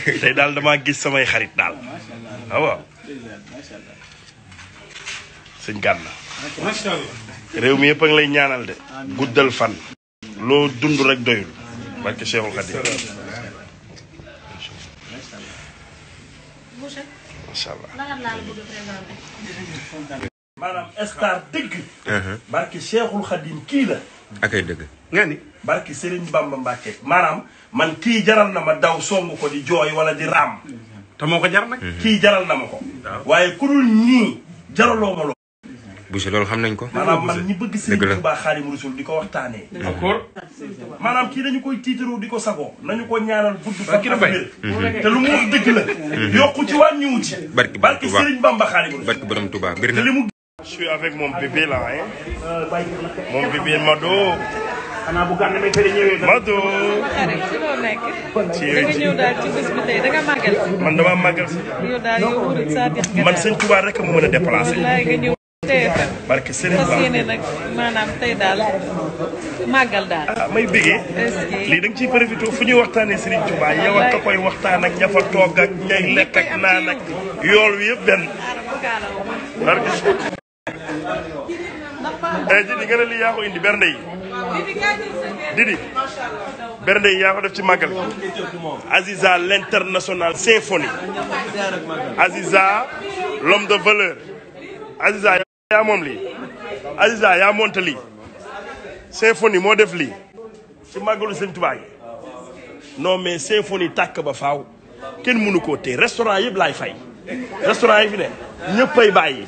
tey daal damaa gis samay xarit daal ah waaw sëñ Gana réew mi yëpp lay ñaanal de guddal fan loo dund rek doyul barke Cheikhul Khadim macha allah maanaam uh-huh. kii la akay dëgg nga ni barki Serigne Bamba Mbacke maanaam man kii jaral na ma daw songu ko di jooy wala di raam moo ko jar nag mm-hmm. kii jaral na ma ko waaye ku dul ñii jaraloo ma loo Boucher loolu xam nañ ko maanaam man ñi bëgg Serigne Touba Xaadimu Rasuul di ko waxtaanee mm-hmm. d'accord maanaam kii dañu koy tiitaroo di ko sagoo nañu ko ñaanal gudd fan ak wér mm-hmm. te lu mu wax dëgg la yokku ci wàññiwu ci barki barki Serigne Bamba Xaadimu te li mu Je suis avec mon bébé là, hein. Mon bébé Mado. Mado. man dama màggal si. man sëñ Tuubaa rek mu mën a déplacé. barke Sëriñ Ba maanaam tey daal màggal daal. ah may bëggee. lii da nga ciy profité fu ñuy waxtaanee Sëriñ Tuubaa yow ak ka koy waxtaan ak ña fa toog ak ñay lekk ak naan ak yool wi yëpp benn. barke Eh, Didi nga lii yaa ko indi bernde yi. Didi bernde yi yaa ko def ci màggal Aziza l'international symphonie Aziza l'homme de valeur Aziza yaa moom lii Aziza yaa monte lii symphonie moo def lii ci màggalu Sëñ Tuubaa yi non mais symphonie tàkk ba faaw kenn mënu koo téye restaurant yëpp laay fay restaurant yi fi ne ñëppay bàyyi